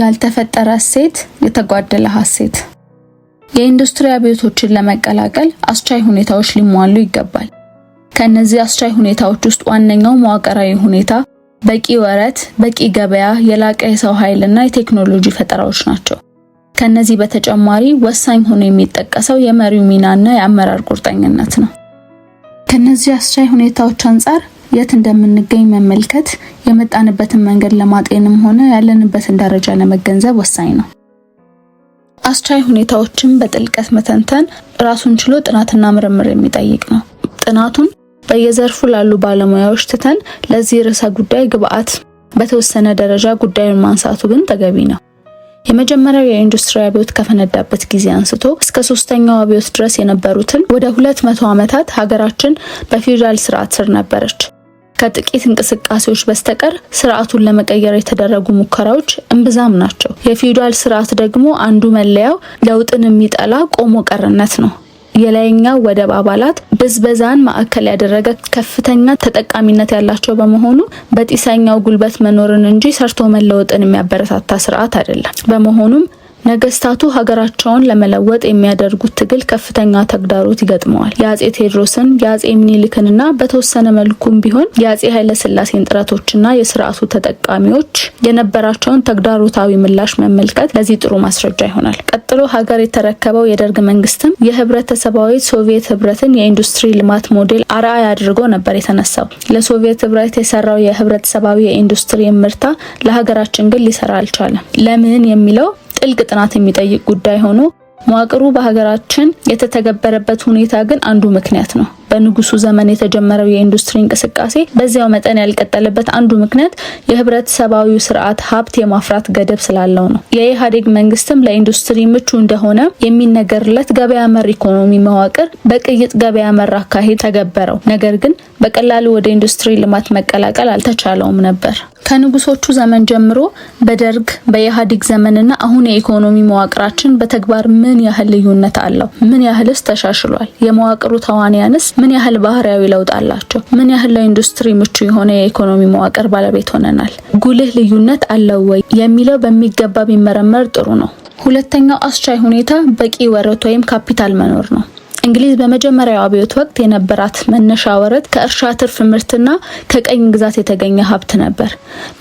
ያልተፈጠረ እሴት የተጓደለ ሀሴት። የኢንዱስትሪ አብዮቶችን ለመቀላቀል አስቻይ ሁኔታዎች ሊሟሉ ይገባል። ከነዚህ አስቻይ ሁኔታዎች ውስጥ ዋነኛው መዋቅራዊ ሁኔታ፣ በቂ ወረት፣ በቂ ገበያ፣ የላቀ የሰው ኃይልና የቴክኖሎጂ ፈጠራዎች ናቸው። ከነዚህ በተጨማሪ ወሳኝ ሆኖ የሚጠቀሰው የመሪው ሚናና የአመራር ቁርጠኝነት ነው። ከነዚህ አስቻይ ሁኔታዎች አንጻር የት እንደምንገኝ መመልከት የመጣንበትን መንገድ ለማጤንም ሆነ ያለንበትን ደረጃ ለመገንዘብ ወሳኝ ነው። አስቻይ ሁኔታዎችን በጥልቀት መተንተን ራሱን ችሎ ጥናትና ምርምር የሚጠይቅ ነው። ጥናቱን በየዘርፉ ላሉ ባለሙያዎች ትተን ለዚህ ርዕሰ ጉዳይ ግብአት በተወሰነ ደረጃ ጉዳዩን ማንሳቱ ግን ተገቢ ነው። የመጀመሪያው የኢንዱስትሪ አብዮት ከፈነዳበት ጊዜ አንስቶ እስከ ሶስተኛው አብዮት ድረስ የነበሩትን ወደ ሁለት መቶ ዓመታት ሀገራችን በፊውዳል ስርዓት ስር ነበረች። ከጥቂት እንቅስቃሴዎች በስተቀር ስርዓቱን ለመቀየር የተደረጉ ሙከራዎች እምብዛም ናቸው። የፊውዳል ስርዓት ደግሞ አንዱ መለያው ለውጥን የሚጠላ ቆሞ ቀርነት ነው። የላይኛው ወደብ አባላት ብዝበዛን ማዕከል ያደረገ ከፍተኛ ተጠቃሚነት ያላቸው በመሆኑ በጢሰኛው ጉልበት መኖርን እንጂ ሰርቶ መለወጥን የሚያበረታታ ስርዓት አይደለም። በመሆኑም ነገስታቱ ሀገራቸውን ለመለወጥ የሚያደርጉት ትግል ከፍተኛ ተግዳሮት ይገጥመዋል። የአጼ ቴዎድሮስን የአጼ ምኒልክንና በተወሰነ መልኩም ቢሆን የአጼ ኃይለስላሴን ጥረቶችና የስርዓቱ ተጠቃሚዎች የነበራቸውን ተግዳሮታዊ ምላሽ መመልከት ለዚህ ጥሩ ማስረጃ ይሆናል። ቀጥሎ ሀገር የተረከበው የደርግ መንግስትም የህብረተሰባዊ ሶቪየት ህብረትን የኢንዱስትሪ ልማት ሞዴል አርአይ አድርጎ ነበር የተነሳው። ለሶቪየት ህብረት የሰራው የህብረተሰባዊ የኢንዱስትሪ ምርታ ለሀገራችን ግን ሊሰራ አልቻለም። ለምን የሚለው ጥልቅ ጥናት የሚጠይቅ ጉዳይ ሆኖ መዋቅሩ በሀገራችን የተተገበረበት ሁኔታ ግን አንዱ ምክንያት ነው። በንጉሱ ዘመን የተጀመረው የኢንዱስትሪ እንቅስቃሴ በዚያው መጠን ያልቀጠለበት አንዱ ምክንያት የህብረተሰባዊ ስርዓት ሀብት የማፍራት ገደብ ስላለው ነው። የኢህአዴግ መንግስትም ለኢንዱስትሪ ምቹ እንደሆነ የሚነገርለት ገበያ መር ኢኮኖሚ መዋቅር በቅይጥ ገበያ መር አካሄድ ተገበረው። ነገር ግን በቀላሉ ወደ ኢንዱስትሪ ልማት መቀላቀል አልተቻለውም ነበር። ከንጉሶቹ ዘመን ጀምሮ በደርግ በኢህአዴግ ዘመንና አሁን የኢኮኖሚ መዋቅራችን በተግባር ምን ያህል ልዩነት አለው? ምን ያህልስ ተሻሽሏል? የመዋቅሩ ተዋንያንስ ምን ያህል ባህሪያዊ ለውጥ አላቸው? ምን ያህል ለኢንዱስትሪ ምቹ የሆነ የኢኮኖሚ መዋቅር ባለቤት ሆነናል? ጉልህ ልዩነት አለው ወይ የሚለው በሚገባ ቢመረመር ጥሩ ነው። ሁለተኛው አስቻይ ሁኔታ በቂ ወረት ወይም ካፒታል መኖር ነው። እንግሊዝ በመጀመሪያው አብዮት ወቅት የነበራት መነሻ ወረት ከእርሻ ትርፍ ምርትና ከቀኝ ግዛት የተገኘ ሀብት ነበር።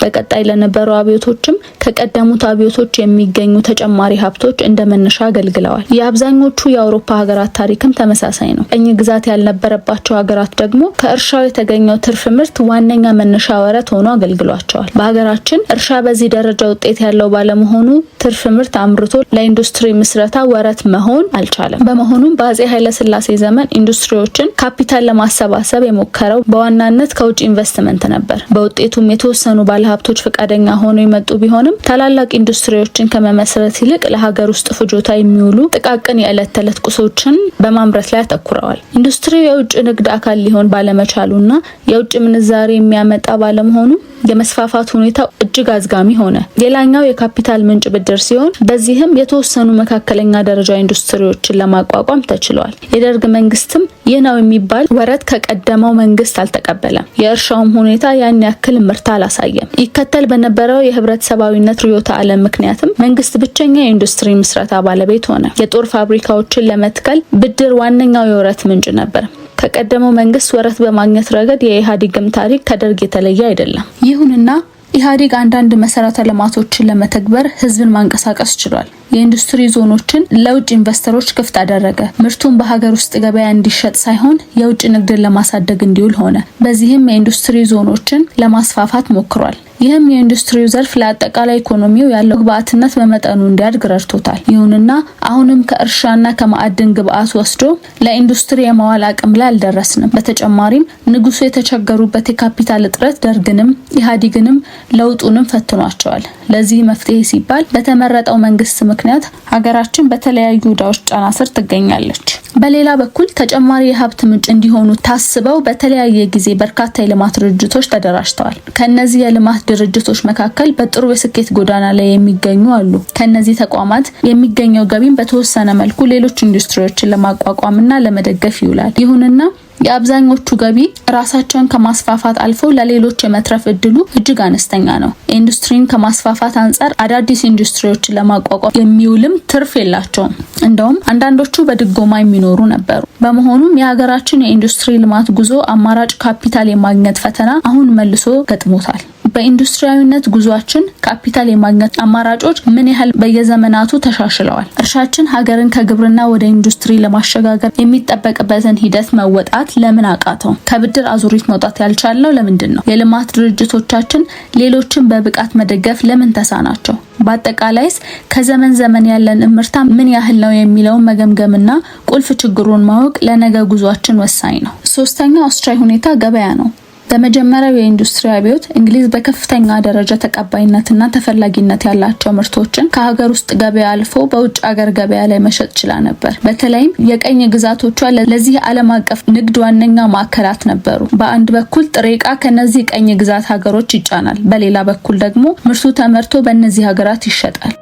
በቀጣይ ለነበሩ አብዮቶችም ከቀደሙት አብዮቶች የሚገኙ ተጨማሪ ሀብቶች እንደ መነሻ አገልግለዋል። የአብዛኞቹ የአውሮፓ ሀገራት ታሪክም ተመሳሳይ ነው። ቀኝ ግዛት ያልነበረባቸው ሀገራት ደግሞ ከእርሻው የተገኘው ትርፍ ምርት ዋነኛ መነሻ ወረት ሆኖ አገልግሏቸዋል። በሀገራችን እርሻ በዚህ ደረጃ ውጤት ያለው ባለመሆኑ ትርፍ ምርት አምርቶ ለኢንዱስትሪ ምስረታ ወረት መሆን አልቻለም። በመሆኑም በአጼ ኃይለ በኃይለስላሴ ዘመን ኢንዱስትሪዎችን ካፒታል ለማሰባሰብ የሞከረው በዋናነት ከውጭ ኢንቨስትመንት ነበር። በውጤቱም የተወሰኑ ባለሀብቶች ፈቃደኛ ሆነው የመጡ ቢሆንም ታላላቅ ኢንዱስትሪዎችን ከመመስረት ይልቅ ለሀገር ውስጥ ፍጆታ የሚውሉ ጥቃቅን የዕለት ተዕለት ቁሶችን በማምረት ላይ አተኩረዋል። ኢንዱስትሪው የውጭ ንግድ አካል ሊሆን ባለመቻሉና የውጭ ምንዛሬ የሚያመጣ ባለመሆኑ የመስፋፋት ሁኔታ እጅግ አዝጋሚ ሆነ። ሌላኛው የካፒታል ምንጭ ብድር ሲሆን በዚህም የተወሰኑ መካከለኛ ደረጃ ኢንዱስትሪዎችን ለማቋቋም ተችሏል። የደርግ መንግስትም ይህ ነው የሚባል ወረት ከቀደመው መንግስት አልተቀበለም። የእርሻውም ሁኔታ ያን ያክል ምርት አላሳየም። ይከተል በነበረው የህብረተሰባዊነት ርዕዮተ ዓለም ምክንያትም መንግስት ብቸኛ የኢንዱስትሪ ምስረታ ባለቤት ሆነ። የጦር ፋብሪካዎችን ለመትከል ብድር ዋነኛው የወረት ምንጭ ነበር። ከቀደመው መንግስት ወረት በማግኘት ረገድ የኢህአዴግም ታሪክ ከደርግ የተለየ አይደለም። ይሁንና ኢህአዴግ አንዳንድ መሰረተ ልማቶችን ለመተግበር ህዝብን ማንቀሳቀስ ችሏል። የኢንዱስትሪ ዞኖችን ለውጭ ኢንቨስተሮች ክፍት አደረገ። ምርቱን በሀገር ውስጥ ገበያ እንዲሸጥ ሳይሆን የውጭ ንግድን ለማሳደግ እንዲውል ሆነ። በዚህም የኢንዱስትሪ ዞኖችን ለማስፋፋት ሞክሯል። ይህም የኢንዱስትሪው ዘርፍ ለአጠቃላይ ኢኮኖሚው ያለው ግብአትነት በመጠኑ እንዲያድግ ረድቶታል። ይሁንና አሁንም ከእርሻና ከማዕድን ግብዓት ወስዶ ለኢንዱስትሪ የመዋል አቅም ላይ አልደረስንም። በተጨማሪም ንጉሱ የተቸገሩበት የካፒታል እጥረት ደርግንም ኢህአዴግንም ለውጡንም ፈትኗቸዋል። ለዚህ መፍትሄ ሲባል በተመረጠው መንግስት ምክንያት ሀገራችን በተለያዩ ዕዳዎች ጫና ስር ትገኛለች። በሌላ በኩል ተጨማሪ የሀብት ምንጭ እንዲሆኑ ታስበው በተለያየ ጊዜ በርካታ የልማት ድርጅቶች ተደራጅተዋል። ከእነዚህ የልማት ድርጅቶች መካከል በጥሩ የስኬት ጎዳና ላይ የሚገኙ አሉ። ከእነዚህ ተቋማት የሚገኘው ገቢም በተወሰነ መልኩ ሌሎች ኢንዱስትሪዎችን ለማቋቋምና ለመደገፍ ይውላል። ይሁንና የአብዛኞቹ ገቢ ራሳቸውን ከማስፋፋት አልፈው ለሌሎች የመትረፍ እድሉ እጅግ አነስተኛ ነው። ኢንዱስትሪን ከማስፋፋት አንጻር አዳዲስ ኢንዱስትሪዎችን ለማቋቋም የሚውልም ትርፍ የላቸውም። እንደውም አንዳንዶቹ በድጎማ የሚኖሩ ነበሩ። በመሆኑም የሀገራችን የኢንዱስትሪ ልማት ጉዞ አማራጭ ካፒታል የማግኘት ፈተና አሁን መልሶ ገጥሞታል። በኢንዱስትሪያዊነት ጉዟችን ካፒታል የማግኘት አማራጮች ምን ያህል በየዘመናቱ ተሻሽለዋል? እርሻችን ሀገርን ከግብርና ወደ ኢንዱስትሪ ለማሸጋገር የሚጠበቅበትን ሂደት መወጣት ለምን አቃተው? ከብድር አዙሪት መውጣት ያልቻልነው ለምንድን ነው? የልማት ድርጅቶቻችን ሌሎችን በብቃት መደገፍ ለምን ተሳናቸው? በአጠቃላይስ ከዘመን ዘመን ያለን እምርታ ምን ያህል ነው የሚለውን መገምገምና ቁልፍ ችግሩን ማወቅ ለነገ ጉዟችን ወሳኝ ነው። ሶስተኛው አስቻይ ሁኔታ ገበያ ነው። በመጀመሪያው የኢንዱስትሪ አብዮት እንግሊዝ በከፍተኛ ደረጃ ተቀባይነትና ተፈላጊነት ያላቸው ምርቶችን ከሀገር ውስጥ ገበያ አልፎ በውጭ ሀገር ገበያ ላይ መሸጥ ችላ ነበር። በተለይም የቀኝ ግዛቶቿ ለዚህ ዓለም አቀፍ ንግድ ዋነኛ ማዕከላት ነበሩ። በአንድ በኩል ጥሬ ዕቃ ከነዚህ ቀኝ ግዛት ሀገሮች ይጫናል፣ በሌላ በኩል ደግሞ ምርቱ ተመርቶ በእነዚህ ሀገራት ይሸጣል።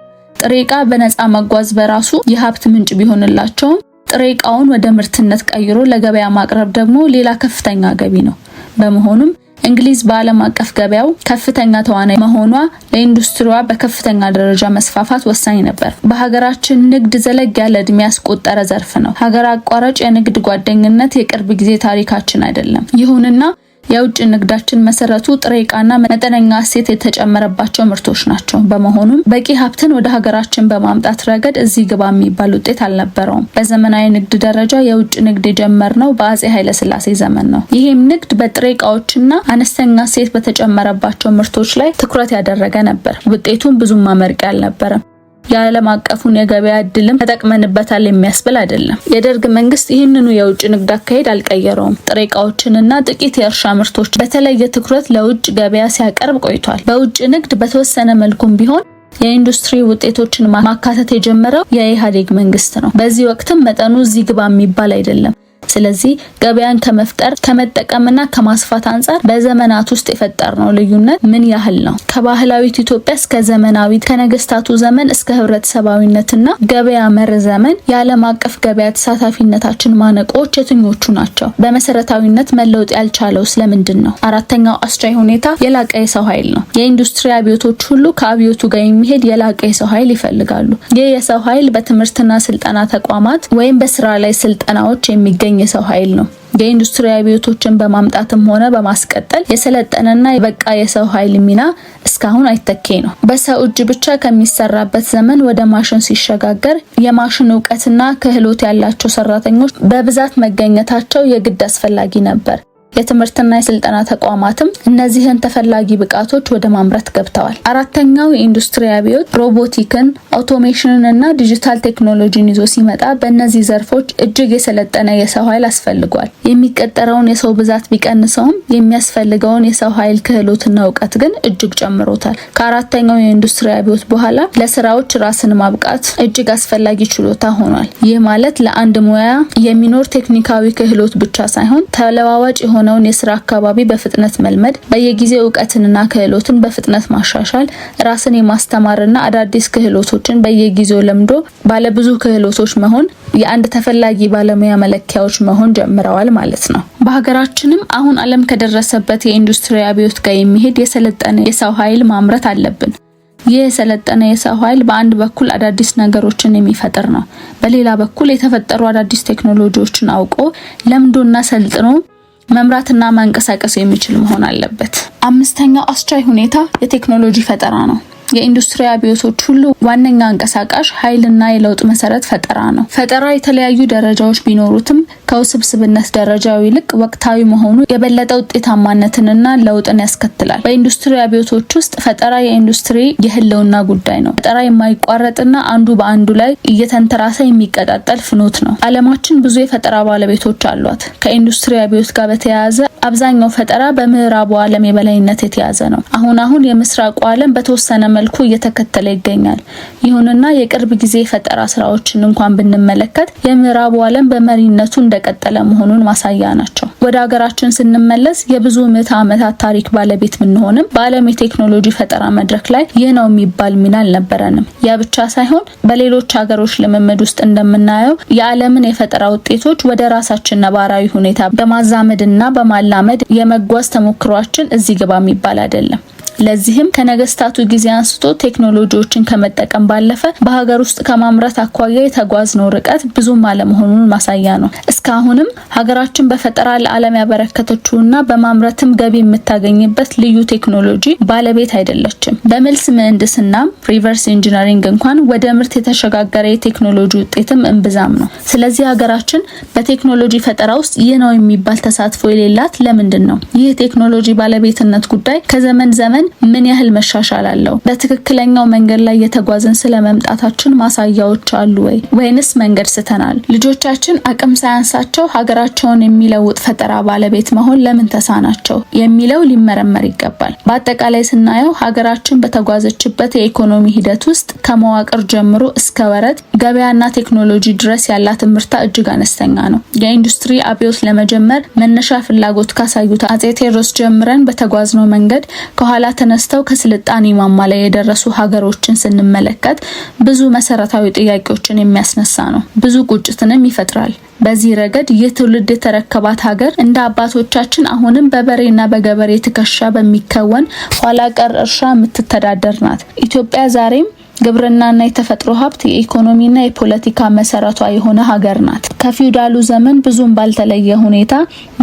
ጥሬ ዕቃ በነፃ መጓዝ በራሱ የሀብት ምንጭ ቢሆንላቸውም ጥሬ ዕቃውን ወደ ምርትነት ቀይሮ ለገበያ ማቅረብ ደግሞ ሌላ ከፍተኛ ገቢ ነው። በመሆኑም እንግሊዝ በዓለም አቀፍ ገበያው ከፍተኛ ተዋናይ መሆኗ ለኢንዱስትሪዋ በከፍተኛ ደረጃ መስፋፋት ወሳኝ ነበር። በሀገራችን ንግድ ዘለግ ያለ እድሜ ያስቆጠረ ዘርፍ ነው። ሀገር አቋራጭ የንግድ ጓደኝነት የቅርብ ጊዜ ታሪካችን አይደለም። ይሁንና የውጭ ንግዳችን መሰረቱ ጥሬ እቃና መጠነኛ እሴት የተጨመረባቸው ምርቶች ናቸው። በመሆኑም በቂ ሀብትን ወደ ሀገራችን በማምጣት ረገድ እዚህ ግባ የሚባል ውጤት አልነበረውም። በዘመናዊ ንግድ ደረጃ የውጭ ንግድ የጀመርነው በአጼ ኃይለስላሴ ዘመን ነው። ይህም ንግድ በጥሬ እቃዎችና አነስተኛ እሴት በተጨመረባቸው ምርቶች ላይ ትኩረት ያደረገ ነበር። ውጤቱም ብዙም አመርቂ አልነበረም። የዓለም አቀፉን የገበያ እድልም ተጠቅመንበታል የሚያስብል አይደለም። የደርግ መንግስት ይህንኑ የውጭ ንግድ አካሄድ አልቀየረውም። ጥሬ እቃዎችንና ጥቂት የእርሻ ምርቶች በተለየ ትኩረት ለውጭ ገበያ ሲያቀርብ ቆይቷል። በውጭ ንግድ በተወሰነ መልኩም ቢሆን የኢንዱስትሪ ውጤቶችን ማካተት የጀመረው የኢህአዴግ መንግስት ነው። በዚህ ወቅትም መጠኑ እዚህ ግባ የሚባል አይደለም። ስለዚህ ገበያን ከመፍጠር ከመጠቀምና ከማስፋት አንጻር በዘመናት ውስጥ የፈጠርነው ልዩነት ምን ያህል ነው? ከባህላዊት ኢትዮጵያ እስከ ዘመናዊት፣ ከነገስታቱ ዘመን እስከ ህብረተሰባዊነትና ገበያ መር ዘመን የዓለም አቀፍ ገበያ ተሳታፊነታችን ማነቆዎች የትኞቹ ናቸው? በመሰረታዊነት መለወጥ ያልቻለው ስለምንድን ነው? አራተኛው አስቻይ ሁኔታ የላቀ የሰው ኃይል ነው። የኢንዱስትሪ አብዮቶች ሁሉ ከአብዮቱ ጋር የሚሄድ የላቀ የሰው ኃይል ይፈልጋሉ። ይህ የሰው ኃይል በትምህርትና ስልጠና ተቋማት ወይም በስራ ላይ ስልጠናዎች የሚገኝ የሚገኝ የሰው ኃይል ነው። የኢንዱስትሪ አብዮቶችን በማምጣትም ሆነ በማስቀጠል የሰለጠነና የበቃ የሰው ኃይል ሚና እስካሁን አይተኬ ነው። በሰው እጅ ብቻ ከሚሰራበት ዘመን ወደ ማሽን ሲሸጋገር የማሽን እውቀትና ክህሎት ያላቸው ሰራተኞች በብዛት መገኘታቸው የግድ አስፈላጊ ነበር። የትምህርትና የስልጠና ተቋማትም እነዚህን ተፈላጊ ብቃቶች ወደ ማምረት ገብተዋል። አራተኛው የኢንዱስትሪ አብዮት ሮቦቲክን፣ አውቶሜሽንን እና ዲጂታል ቴክኖሎጂን ይዞ ሲመጣ በእነዚህ ዘርፎች እጅግ የሰለጠነ የሰው ኃይል አስፈልጓል። የሚቀጠረውን የሰው ብዛት ቢቀንሰውም የሚያስፈልገውን የሰው ኃይል ክህሎትና እውቀት ግን እጅግ ጨምሮታል። ከአራተኛው የኢንዱስትሪ አብዮት በኋላ ለስራዎች ራስን ማብቃት እጅግ አስፈላጊ ችሎታ ሆኗል። ይህ ማለት ለአንድ ሙያ የሚኖር ቴክኒካዊ ክህሎት ብቻ ሳይሆን ተለዋዋጭ የሆነ የሆነውን የስራ አካባቢ በፍጥነት መልመድ፣ በየጊዜው እውቀትንና ክህሎትን በፍጥነት ማሻሻል፣ ራስን የማስተማርና አዳዲስ ክህሎቶችን በየጊዜው ለምዶ ባለብዙ ክህሎቶች መሆን የአንድ ተፈላጊ ባለሙያ መለኪያዎች መሆን ጀምረዋል ማለት ነው። በሀገራችንም አሁን ዓለም ከደረሰበት የኢንዱስትሪ አብዮት ጋር የሚሄድ የሰለጠነ የሰው ኃይል ማምረት አለብን። ይህ የሰለጠነ የሰው ኃይል በአንድ በኩል አዳዲስ ነገሮችን የሚፈጥር ነው። በሌላ በኩል የተፈጠሩ አዳዲስ ቴክኖሎጂዎችን አውቆ ለምዶና ሰልጥኖ መምራትና መንቀሳቀስ የሚችል መሆን አለበት። አምስተኛው አስቻይ ሁኔታ የቴክኖሎጂ ፈጠራ ነው። የኢንዱስትሪ አብዮቶች ሁሉ ዋነኛ አንቀሳቃሽ ኃይልና የለውጥ መሰረት ፈጠራ ነው። ፈጠራ የተለያዩ ደረጃዎች ቢኖሩትም ከውስብስብነት ደረጃው ይልቅ ወቅታዊ መሆኑ የበለጠ ውጤታማነትንና ለውጥን ያስከትላል። በኢንዱስትሪ አብዮቶች ውስጥ ፈጠራ የኢንዱስትሪ የህልውና ጉዳይ ነው። ፈጠራ የማይቋረጥና አንዱ በአንዱ ላይ እየተንተራሰ የሚቀጣጠል ፍኖት ነው። አለማችን ብዙ የፈጠራ ባለቤቶች አሏት። ከኢንዱስትሪ አብዮት ጋር በተያያዘ አብዛኛው ፈጠራ በምዕራቡ ዓለም የበላይነት የተያዘ ነው። አሁን አሁን የምስራቁ ዓለም በተወሰነ መልኩ እየተከተለ ይገኛል። ይሁንና የቅርብ ጊዜ የፈጠራ ስራዎችን እንኳን ብንመለከት የምዕራቡ ዓለም በመሪነቱ እንደቀጠለ መሆኑን ማሳያ ናቸው። ወደ ሀገራችን ስንመለስ የብዙ ምዕተ ዓመታት ታሪክ ባለቤት ብንሆንም በዓለም የቴክኖሎጂ ፈጠራ መድረክ ላይ ይህ ነው የሚባል ሚና አልነበረንም። ያ ብቻ ሳይሆን በሌሎች ሀገሮች ልምምድ ውስጥ እንደምናየው የዓለምን የፈጠራ ውጤቶች ወደ ራሳችን ነባራዊ ሁኔታ በማዛመድና በማላመድ የመጓዝ ተሞክሯችን እዚህ ግባ የሚባል አይደለም። ለዚህም ከነገስታቱ ጊዜ አንስቶ ቴክኖሎጂዎችን ከመጠቀም ባለፈ በሀገር ውስጥ ከማምረት አኳያ የተጓዝነው ርቀት ብዙም አለመሆኑን ማሳያ ነው። እስካሁንም ሀገራችን በፈጠራ ለዓለም ያበረከተችውና በማምረትም ገቢ የምታገኝበት ልዩ ቴክኖሎጂ ባለቤት አይደለችም። በመልስ ምህንድስና ሪቨርስ ኢንጂነሪንግ እንኳን ወደ ምርት የተሸጋገረ የቴክኖሎጂ ውጤትም እንብዛም ነው። ስለዚህ ሀገራችን በቴክኖሎጂ ፈጠራ ውስጥ ይህ ነው የሚባል ተሳትፎ የሌላት ለምንድን ነው? ይህ የቴክኖሎጂ ባለቤትነት ጉዳይ ከዘመን ዘመን ምን ያህል መሻሻል አለው? በትክክለኛው መንገድ ላይ የተጓዝን ስለ መምጣታችን ማሳያዎች አሉ ወይ? ወይንስ መንገድ ስተናል? ልጆቻችን አቅም ሳያንሳቸው ሀገራቸውን የሚለውጥ ፈጠራ ባለቤት መሆን ለምን ተሳናቸው የሚለው ሊመረመር ይገባል። በአጠቃላይ ስናየው ሀገራችን በተጓዘችበት የኢኮኖሚ ሂደት ውስጥ ከመዋቅር ጀምሮ እስከ ወረት ገበያና ቴክኖሎጂ ድረስ ያላት ምርታ እጅግ አነስተኛ ነው። የኢንዱስትሪ አብዮት ለመጀመር መነሻ ፍላጎት ካሳዩት አጼ ቴዎድሮስ ጀምረን በተጓዝነው መንገድ ከኋላ ተነስተው ከስልጣኔ ማማ ላይ የደረሱ ሀገሮችን ስንመለከት ብዙ መሰረታዊ ጥያቄዎችን የሚያስነሳ ነው። ብዙ ቁጭትንም ይፈጥራል። በዚህ ረገድ ይህ ትውልድ የተረከባት ሀገር እንደ አባቶቻችን አሁንም በበሬና በገበሬ ትከሻ በሚከወን ኋላ ቀር እርሻ የምትተዳደር ናት። ኢትዮጵያ ዛሬም ግብርናና የተፈጥሮ ሀብት የኢኮኖሚና የፖለቲካ መሰረቷ የሆነ ሀገር ናት። ከፊውዳሉ ዘመን ብዙም ባልተለየ ሁኔታ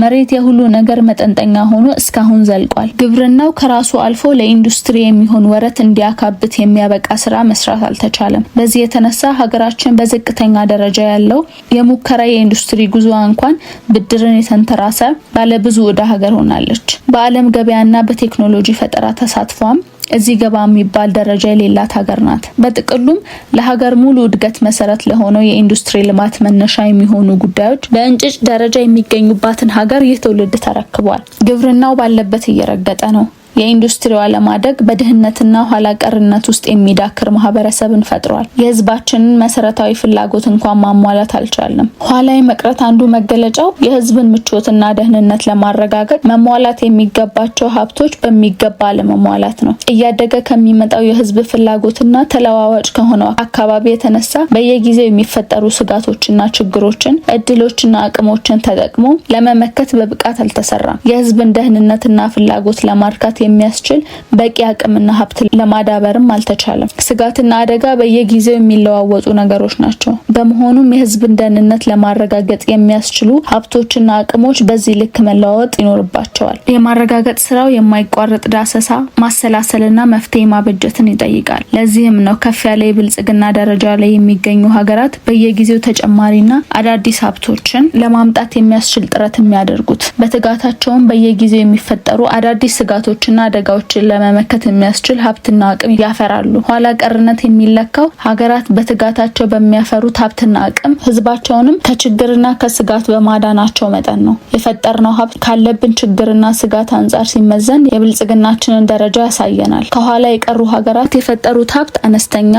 መሬት የሁሉ ነገር መጠንጠኛ ሆኖ እስካሁን ዘልቋል። ግብርናው ከራሱ አልፎ ለኢንዱስትሪ የሚሆን ወረት እንዲያካብት የሚያበቃ ስራ መስራት አልተቻለም። በዚህ የተነሳ ሀገራችን በዝቅተኛ ደረጃ ያለው የሙከራ የኢንዱስትሪ ጉዞ እንኳን ብድርን የተንተራሰ ባለብዙ እዳ ሀገር ሆናለች። በዓለም ገበያና በቴክኖሎጂ ፈጠራ ተሳትፏም እዚህ ገባ የሚባል ደረጃ የሌላት ሀገር ናት። በጥቅሉም ለሀገር ሙሉ እድገት መሰረት ለሆነው የኢንዱስትሪ ልማት መነሻ የሚሆኑ ጉዳዮች በእንጭጭ ደረጃ የሚገኙባትን ሀገር ይህ ትውልድ ተረክቧል። ግብርናው ባለበት እየረገጠ ነው። የኢንዱስትሪዋ ለማደግ በድህነትና ኋላ ቀርነት ውስጥ የሚዳክር ማህበረሰብን ፈጥሯል። የህዝባችንን መሰረታዊ ፍላጎት እንኳን ማሟላት አልቻለም። ኋላ መቅረት አንዱ መገለጫው የህዝብን ምቾትና ደህንነት ለማረጋገጥ መሟላት የሚገባቸው ሀብቶች በሚገባ አለመሟላት ነው። እያደገ ከሚመጣው የህዝብ ፍላጎትና ተለዋዋጭ ከሆነው አካባቢ የተነሳ በየጊዜው የሚፈጠሩ ስጋቶችና ችግሮችን እድሎችና አቅሞችን ተጠቅሞ ለመመከት በብቃት አልተሰራም። የህዝብን ደህንነትና ፍላጎት ለማርካት የሚያስችል በቂ አቅምና ሀብት ለማዳበርም አልተቻለም። ስጋትና አደጋ በየጊዜው የሚለዋወጡ ነገሮች ናቸው። በመሆኑም የህዝብን ደህንነት ለማረጋገጥ የሚያስችሉ ሀብቶችና አቅሞች በዚህ ልክ መለዋወጥ ይኖርባቸዋል። የማረጋገጥ ስራው የማይቋረጥ ዳሰሳ፣ ማሰላሰልና መፍትሄ ማበጀትን ይጠይቃል። ለዚህም ነው ከፍ ያለ የብልጽግና ደረጃ ላይ የሚገኙ ሀገራት በየጊዜው ተጨማሪና አዳዲስ ሀብቶችን ለማምጣት የሚያስችል ጥረት የሚያደርጉት። በትጋታቸውም በየጊዜው የሚፈጠሩ አዳዲስ ስጋቶች ችግሮችና አደጋዎችን ለመመከት የሚያስችል ሀብትና አቅም ያፈራሉ። ኋላ ቀርነት የሚለካው ሀገራት በትጋታቸው በሚያፈሩት ሀብትና አቅም ህዝባቸውንም ከችግርና ከስጋት በማዳናቸው መጠን ነው። የፈጠርነው ሀብት ካለብን ችግርና ስጋት አንጻር ሲመዘን የብልጽግናችንን ደረጃ ያሳየናል። ከኋላ የቀሩ ሀገራት የፈጠሩት ሀብት አነስተኛ፣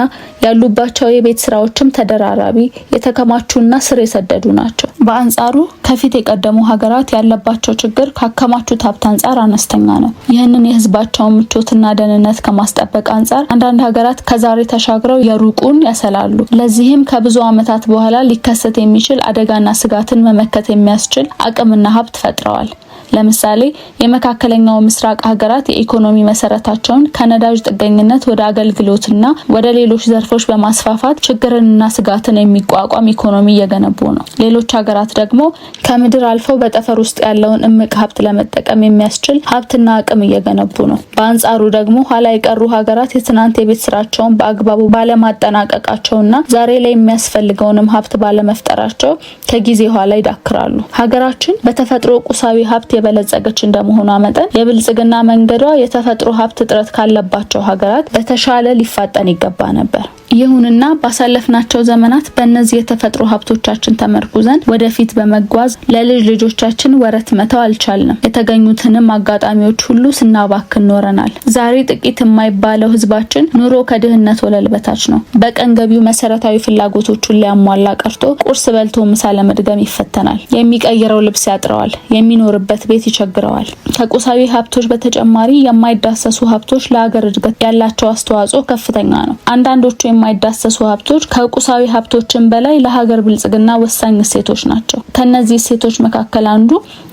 ያሉባቸው የቤት ስራዎችም ተደራራቢ፣ የተከማቹና ስር የሰደዱ ናቸው። በአንጻሩ ከፊት የቀደሙ ሀገራት ያለባቸው ችግር ካከማቹት ሀብት አንጻር አነስተኛ ነው። ይህንን ይህንን የህዝባቸውን ምቾትና ደህንነት ከማስጠበቅ አንጻር አንዳንድ ሀገራት ከዛሬ ተሻግረው የሩቁን ያሰላሉ። ለዚህም ከብዙ ዓመታት በኋላ ሊከሰት የሚችል አደጋና ስጋትን መመከት የሚያስችል አቅምና ሀብት ፈጥረዋል። ለምሳሌ የመካከለኛው ምስራቅ ሀገራት የኢኮኖሚ መሰረታቸውን ከነዳጅ ጥገኝነት ወደ አገልግሎትና ወደ ሌሎች ዘርፎች በማስፋፋት ችግርንና ስጋትን የሚቋቋም ኢኮኖሚ እየገነቡ ነው። ሌሎች ሀገራት ደግሞ ከምድር አልፈው በጠፈር ውስጥ ያለውን እምቅ ሀብት ለመጠቀም የሚያስችል ሀብትና አቅም እየገነቡ እያገነቡ ነው። በአንጻሩ ደግሞ ኋላ የቀሩ ሀገራት የትናንት የቤት ስራቸውን በአግባቡ ባለማጠናቀቃቸውና ዛሬ ላይ የሚያስፈልገውንም ሀብት ባለመፍጠራቸው ከጊዜ ኋላ ይዳክራሉ። ሀገራችን በተፈጥሮ ቁሳዊ ሀብት የበለጸገች እንደመሆኗ መጠን የብልጽግና መንገዷ የተፈጥሮ ሀብት እጥረት ካለባቸው ሀገራት በተሻለ ሊፋጠን ይገባ ነበር። ይሁንና ባሳለፍናቸው ዘመናት በእነዚህ የተፈጥሮ ሀብቶቻችን ተመርኩዘን ወደፊት በመጓዝ ለልጅ ልጆቻችን ወረት መተው አልቻልንም። የተገኙትንም አጋጣሚዎች ሁሉ ስና ስናባክን ኖረናል። ዛሬ ጥቂት የማይባለው ህዝባችን ኑሮ ከድህነት ወለል በታች ነው። በቀን ገቢው መሰረታዊ ፍላጎቶቹን ሊያሟላ ቀርቶ ቁርስ በልቶ ምሳ ለመድገም ይፈተናል። የሚቀይረው ልብስ ያጥረዋል፣ የሚኖርበት ቤት ይቸግረዋል። ከቁሳዊ ሀብቶች በተጨማሪ የማይዳሰሱ ሀብቶች ለሀገር እድገት ያላቸው አስተዋጽኦ ከፍተኛ ነው። አንዳንዶቹ የማይዳሰሱ ሀብቶች ከቁሳዊ ሀብቶችን በላይ ለሀገር ብልጽግና ወሳኝ እሴቶች ናቸው። ከነዚህ እሴቶች መካከል አንዱ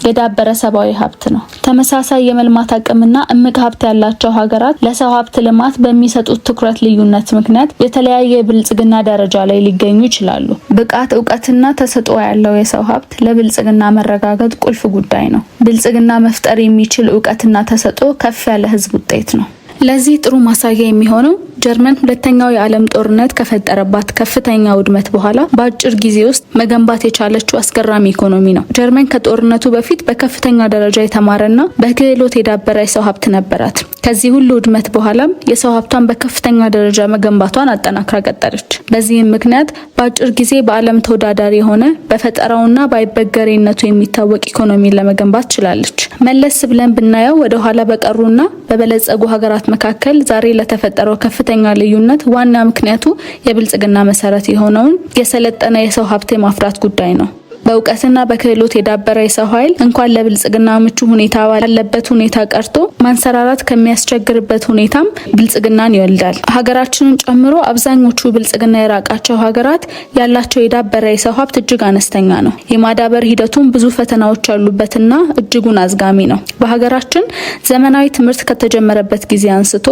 የዳበረ ሰብአዊ ሀብት ነው። ተመሳሳይ የመልማት አቅምና እና እምቅ ሀብት ያላቸው ሀገራት ለሰው ሀብት ልማት በሚሰጡት ትኩረት ልዩነት ምክንያት የተለያየ የብልጽግና ደረጃ ላይ ሊገኙ ይችላሉ። ብቃት፣ እውቀትና ተሰጥኦ ያለው የሰው ሀብት ለብልጽግና መረጋገጥ ቁልፍ ጉዳይ ነው። ብልጽግና መፍጠር የሚችል እውቀትና ተሰጥኦ ከፍ ያለ ህዝብ ውጤት ነው። ለዚህ ጥሩ ማሳያ የሚሆነው ጀርመን ሁለተኛው የዓለም ጦርነት ከፈጠረባት ከፍተኛ ውድመት በኋላ በአጭር ጊዜ ውስጥ መገንባት የቻለችው አስገራሚ ኢኮኖሚ ነው። ጀርመን ከጦርነቱ በፊት በከፍተኛ ደረጃ የተማረና በክህሎት የዳበረ የሰው ሀብት ነበራት። ከዚህ ሁሉ ውድመት በኋላም የሰው ሀብቷን በከፍተኛ ደረጃ መገንባቷን አጠናክራ ቀጠለች። በዚህም ምክንያት በአጭር ጊዜ በዓለም ተወዳዳሪ የሆነ በፈጠራውና በአይበገሬነቱ የሚታወቅ ኢኮኖሚን ለመገንባት ችላለች። መለስ ብለን ብናየው ወደኋላ በቀሩና በበለጸጉ ሀገራት ሀገራት መካከል ዛሬ ለተፈጠረው ከፍተኛ ልዩነት ዋና ምክንያቱ የብልጽግና መሰረት የሆነውን የሰለጠነ የሰው ሀብት የማፍራት ጉዳይ ነው። በእውቀትና በክህሎት የዳበረ የሰው ኃይል እንኳን ለብልጽግና ምቹ ሁኔታ ባለበት ሁኔታ ቀርቶ ማንሰራራት ከሚያስቸግርበት ሁኔታም ብልጽግናን ይወልዳል። ሀገራችንን ጨምሮ አብዛኞቹ ብልጽግና የራቃቸው ሀገራት ያላቸው የዳበረ የሰው ሀብት እጅግ አነስተኛ ነው። የማዳበር ሂደቱም ብዙ ፈተናዎች ያሉበትና እጅጉን አዝጋሚ ነው። በሀገራችን ዘመናዊ ትምህርት ከተጀመረበት ጊዜ አንስቶ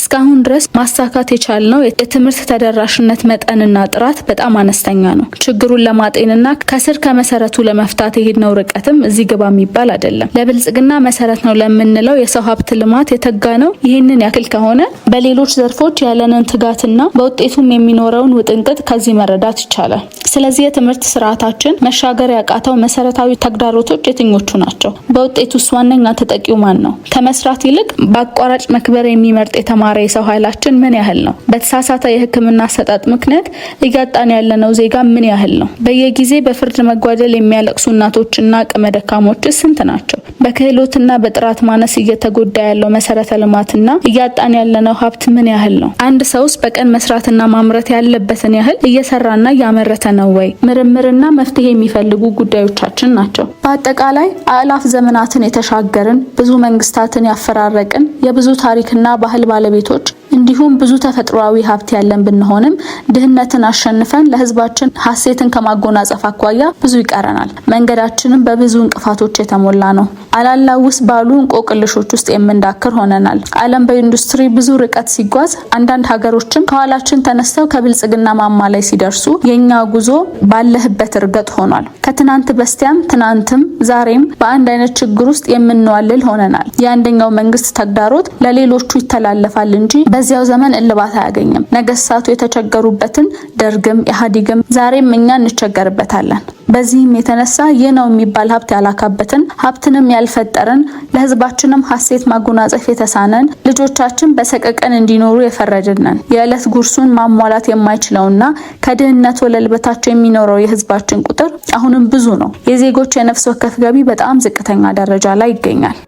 እስካሁን ድረስ ማሳካት የቻልነው የትምህርት ተደራሽነት መጠንና ጥራት በጣም አነስተኛ ነው። ችግሩን ለማጤንና ከስር ከመ ከመሰረቱ ለመፍታት የሄድነው ርቀትም እዚህ ግባ የሚባል አይደለም። ለብልጽግና መሰረት ነው ለምንለው የሰው ሀብት ልማት የተጋ ነው። ይህንን ያክል ከሆነ በሌሎች ዘርፎች ያለንን ትጋትና በውጤቱም የሚኖረውን ውጥንቅጥ ከዚህ መረዳት ይቻላል። ስለዚህ የትምህርት ስርዓታችን መሻገር ያቃተው መሰረታዊ ተግዳሮቶች የትኞቹ ናቸው? በውጤት ውስጥ ዋነኛ ተጠቂው ማን ነው? ከመስራት ይልቅ በአቋራጭ መክበር የሚመርጥ የተማረ የሰው ኃይላችን ምን ያህል ነው? በተሳሳተ የሕክምና አሰጣጥ ምክንያት እያጣን ያለነው ዜጋ ምን ያህል ነው? በየጊዜ በፍርድ መጓደል የሚያለቅሱ እናቶችና አቅመ ደካሞች ስንት ናቸው? በክህሎትና በጥራት ማነስ እየተጎዳ ያለው መሰረተ ልማትና እያጣን ያለነው ሀብት ምን ያህል ነው? አንድ ሰውስ በቀን መስራትና ማምረት ያለበትን ያህል እየሰራና እያመረተ ነው ወይ? ምርምርና መፍትሄ የሚፈልጉ ጉዳዮቻችን ናቸው። በአጠቃላይ አእላፍ ዘመናትን የተሻገርን ብዙ መንግስታትን ያፈራረቅን የብዙ ታሪክና ባህል ባለቤቶች እንዲሁም ብዙ ተፈጥሯዊ ሀብት ያለን ብንሆንም ድህነትን አሸንፈን ለህዝባችን ሀሴትን ከማጎናጸፍ አኳያ ብዙ ይቀረናል። መንገዳችንም በብዙ እንቅፋቶች የተሞላ ነው። አላላውስ ባሉ እንቆቅልሾች ውስጥ የምንዳክር ሆነናል። ዓለም በኢንዱስትሪ ብዙ ርቀት ሲጓዝ አንዳንድ ሀገሮችም ከኋላችን ተነስተው ከብልጽግና ማማ ላይ ሲደርሱ የእኛ ጉዞ ባለህበት እርገጥ ሆኗል። ከትናንት በስቲያም ትናንትም ዛሬም በአንድ አይነት ችግር ውስጥ የምንዋልል ሆነናል። የአንደኛው መንግስት ተግዳሮት ለሌሎቹ ይተላለፋል እንጂ በዚያው ዘመን እልባት አያገኝም። ነገስታቱ የተቸገሩበትን ደርግም ኢህአዴግም ዛሬም እኛ እንቸገርበታለን። በዚህም የተነሳ ይህ ነው የሚባል ሀብት ያላካበትን ሀብትንም ያልፈጠርን ለህዝባችንም ሀሴት ማጎናጸፍ የተሳነን ልጆቻችን በሰቀቀን እንዲኖሩ የፈረድንን የዕለት ጉርሱን ማሟላት የማይችለውና ከድህነት ወለል በታች የሚኖረው የህዝባችን ቁጥር አሁንም ብዙ ነው። የዜጎች የነፍስ ወከፍ ገቢ በጣም ዝቅተኛ ደረጃ ላይ ይገኛል።